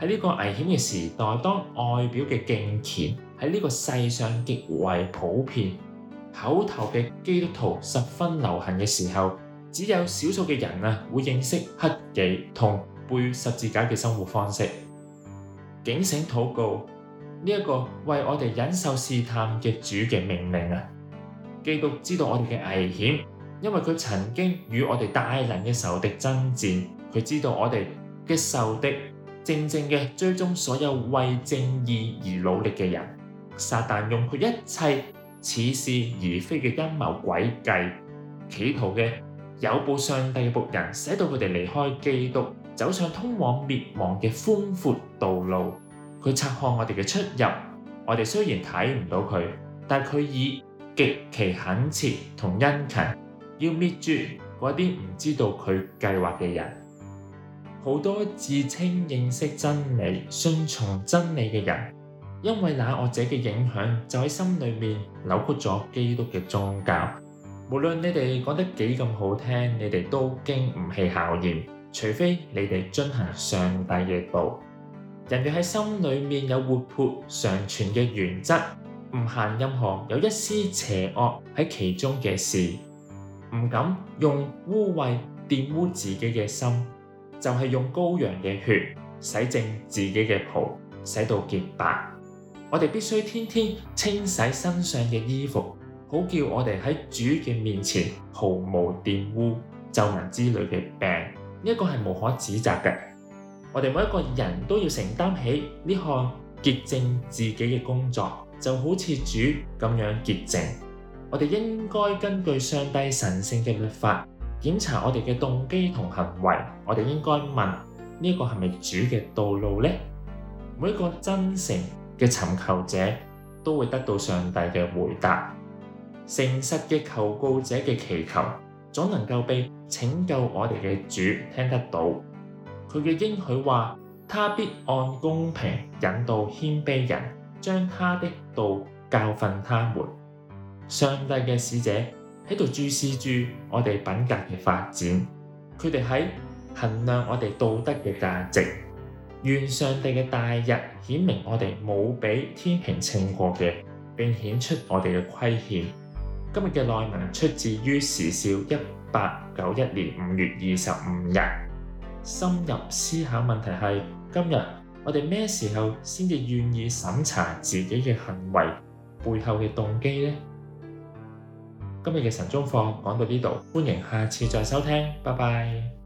喺呢個危險嘅時代，當外表嘅敬虔喺呢個世上極為普遍，口頭嘅基督徒十分流行嘅時候，只有少數嘅人啊會認識克己同背十字架嘅生活方式。警醒禱告呢一個為我哋忍受試探嘅主嘅命令啊！基督知道我哋嘅危險，因為佢曾經與我哋大能嘅仇敵爭戰，佢知道我哋嘅仇敵。正正嘅追蹤所有為正義而努力嘅人，撒旦用佢一切似是而非嘅陰謀詭計，企圖嘅誘捕上帝嘅僕人，使到佢哋離開基督，走上通往滅亡嘅寬闊道路。佢察看我哋嘅出入，我哋雖然睇唔到佢，但係佢以極其狠切同殷勤，要搣住嗰啲唔知道佢計劃嘅人。好多自稱認識真理、信從真理嘅人，因為那惡者嘅影響，就喺心裏面扭曲咗基督嘅宗教。無論你哋講得幾咁好聽，你哋都經唔起考驗，除非你哋遵行上帝嘅道。人若喺心裏面有活潑常存嘅原則，唔行任何有一絲邪惡喺其中嘅事，唔敢用污穢玷污自己嘅心。就係用羔羊嘅血洗淨自己嘅袍，洗到潔白。我哋必須天天清洗身上嘅衣服，好叫我哋喺主嘅面前毫無玷污、皺紋之類嘅病。呢、這個係無可指責嘅。我哋每一個人都要承擔起呢項潔淨自己嘅工作，就好似主咁樣潔淨。我哋應該根據上帝神聖嘅律法。檢查我哋嘅動機同行為，我哋應該問呢個係咪主嘅道路呢？每一個真誠嘅尋求者都會得到上帝嘅回答。誠實嘅求告者嘅祈求總能夠被拯救我哋嘅主聽得到。佢嘅應許話：他必按公平引導謙卑人，將他的道教訓他們。上帝嘅使者。喺度注視住我哋品格嘅發展，佢哋喺衡量我哋道德嘅價值。願上帝嘅大日顯明我哋冇俾天平稱過嘅，並顯出我哋嘅虧欠。今日嘅內文出自於時少一八九一年五月二十五日。深入思考問題係：今日我哋咩時候先至願意審查自己嘅行為背後嘅動機呢？今日嘅晨鐘課講到呢度，歡迎下次再收聽，拜拜。